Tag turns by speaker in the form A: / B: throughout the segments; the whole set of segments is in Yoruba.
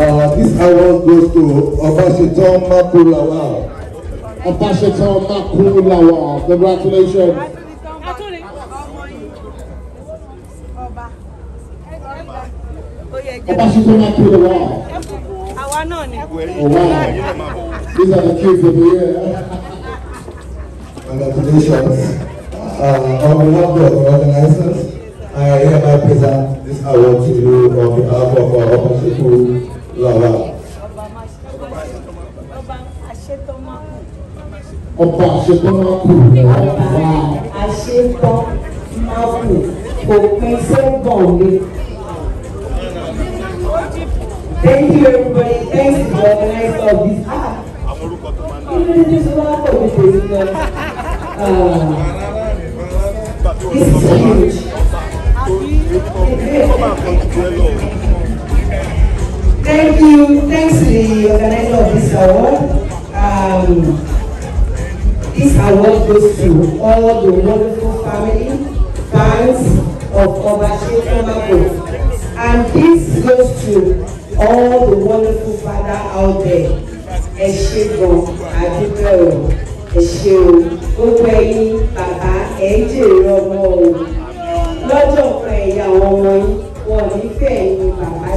A: Uh, this award goes to Obashetan Makulawal. Obashetan Makulawal. Congratulations.
B: Obashetan Makulawal.
A: Àwa náà ni. Oh wow. These are the kids of the year. Congratulations. Uh, on behalf of the organizers, I hereby present this award to you on behalf of our Obashetan rárá. ọba àṣetọ́mákù ọba àṣetọ́mákù òpin sẹ́gbọ̀nlé. Thank you everybody. Thanks for the nice of this. Ah, you didn't just laugh at me, baby. this is the organizer of this award. Um, this award goes to all the wonderful family, fans of Obashe Tamako. And this goes to all the wonderful father out there. Ẹ ṣé gan, àdúgbò ẹ̀rọ, ẹ ṣé o, gbogbo ẹ̀yin bàbá ẹ̀ Lọ́jọ́ kan ẹ̀yà àwọn ọmọ wọn ò ní fẹ́ ẹ̀yìn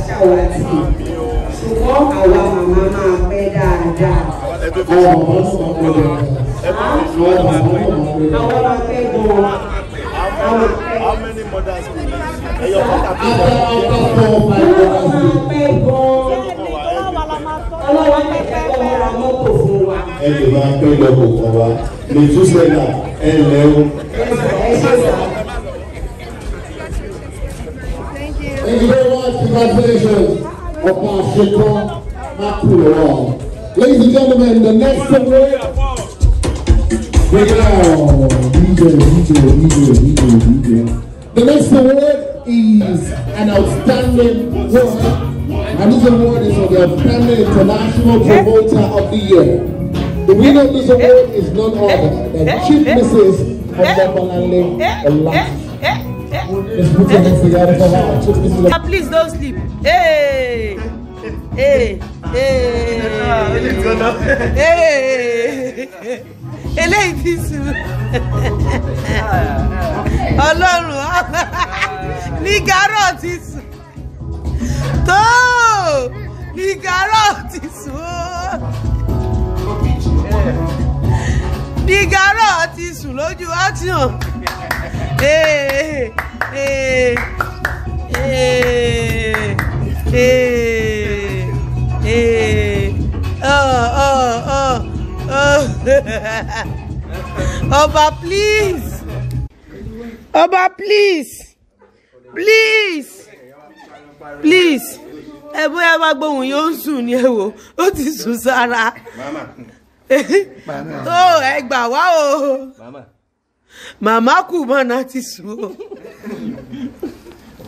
A: ṣàwátì ṣùgbọ́n àwa màmá máa pẹ́ dáadáa ọmọ sọ pé àwọn máa pẹ́ gan-an àwọn pẹ́ gan-an ọlọ́wọ́ pẹ́pẹ́ ọmọ ra mọ́tò fún wa. ẹ lè máa pẹ́ lọ́kọ̀ kan wa lè tún sẹ́yà ẹ lẹ́ o. ẹ ṣe sọ. large congratulations of our Shekwa Makuo. Ladies and gentlemen, the next award. Big out. DJ, DJ, DJ, DJ, DJ. The next award is an outstanding award. And this award is for the outstanding international promoter of the year. The winner of this award is none other than Chief Mrs. Obabalale Olatunde. Oh, please don't sleep. Hey! Hey! Hey! Hey! hey. ti sùn ọlọ́run ní gàárọ̀ ti sùn tó ní gàárọ̀ ti sùn ní gàárọ̀ ti sùn lójú ọ́tìyàn. Hey. Hey. Hey. Hey. Oh, oh, oh. Oh. Oba, please. Oba, please. Please. Please. Ẹ bóyá wá gbóhùn yóò ń sùn ní ẹ̀wò, ó ti sùn sára. Màmá. Ó oh, ẹ gbà wá o. Màmá. Màmá kù mọ́ná ti sùn o.